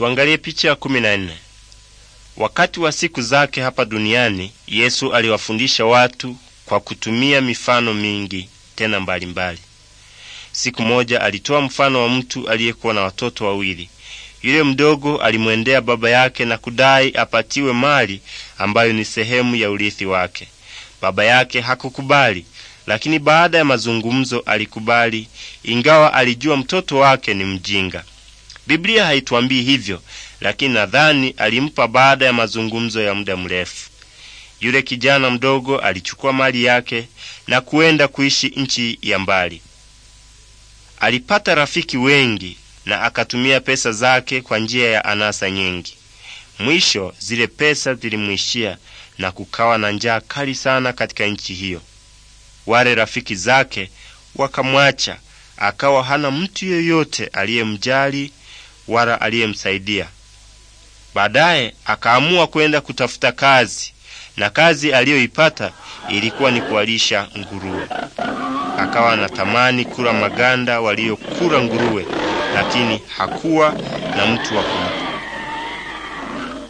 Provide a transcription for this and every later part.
Tuangalie picha ya kumi na nne. Wakati wa siku zake hapa duniani, Yesu aliwafundisha watu kwa kutumia mifano mingi tena mbalimbali mbali. Siku moja alitoa mfano wa mtu aliyekuwa na watoto wawili. Yule mdogo alimwendea baba yake na kudai apatiwe mali ambayo ni sehemu ya urithi wake. Baba yake hakukubali, lakini baada ya mazungumzo alikubali, ingawa alijua mtoto wake ni mjinga. Biblia haituambii hivyo, lakini nadhani alimpa baada ya mazungumzo ya muda mrefu. Yule kijana mdogo alichukua mali yake na kuenda kuishi nchi ya mbali. Alipata rafiki wengi na akatumia pesa zake kwa njia ya anasa nyingi. Mwisho zile pesa zilimwishia na kukawa na njaa kali sana katika nchi hiyo. Wale rafiki zake wakamwacha, akawa hana mtu yoyote aliyemjali wala aliyemsaidia. Baadaye akaamua kwenda kutafuta kazi, na kazi aliyoipata ilikuwa ni kuwalisha nguruwe. Akawa anatamani kula maganda waliyokula nguruwe, lakini hakuwa na mtu wa kumpa.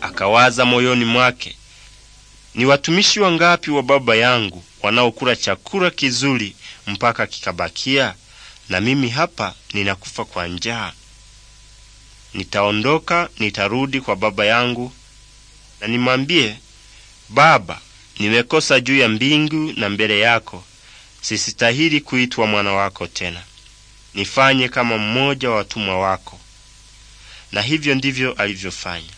Akawaza moyoni mwake, ni watumishi wangapi wa baba yangu wanaokula chakula kizuri mpaka kikabakia, na mimi hapa ninakufa kwa njaa? nitaondoka, nitarudi kwa baba yangu na nimwambie, Baba, nimekosa juu ya mbingu na mbele yako, sisitahili kuitwa mwana wako tena, nifanye kama mmoja wa watumwa wako. Na hivyo ndivyo alivyofanya.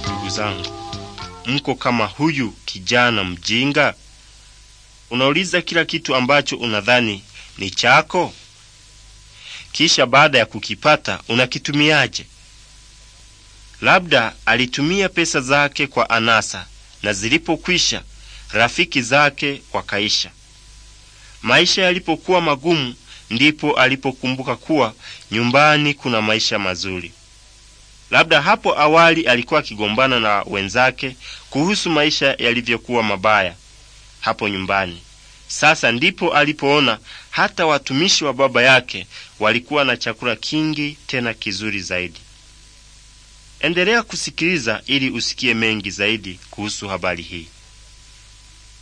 Ndugu zangu, mko kama huyu kijana mjinga? unauliza kila kitu ambacho unadhani ni chako, kisha baada ya kukipata unakitumiaje? Labda alitumia pesa zake kwa anasa, na zilipokwisha rafiki zake wakaisha. Maisha yalipokuwa magumu, ndipo alipokumbuka kuwa nyumbani kuna maisha mazuri. Labda hapo awali alikuwa akigombana na wenzake kuhusu maisha yalivyokuwa mabaya hapo nyumbani. Sasa ndipo alipoona hata watumishi wa baba yake walikuwa na chakula kingi tena kizuri zaidi. Endelea kusikiliza ili usikie mengi zaidi kuhusu habari hii.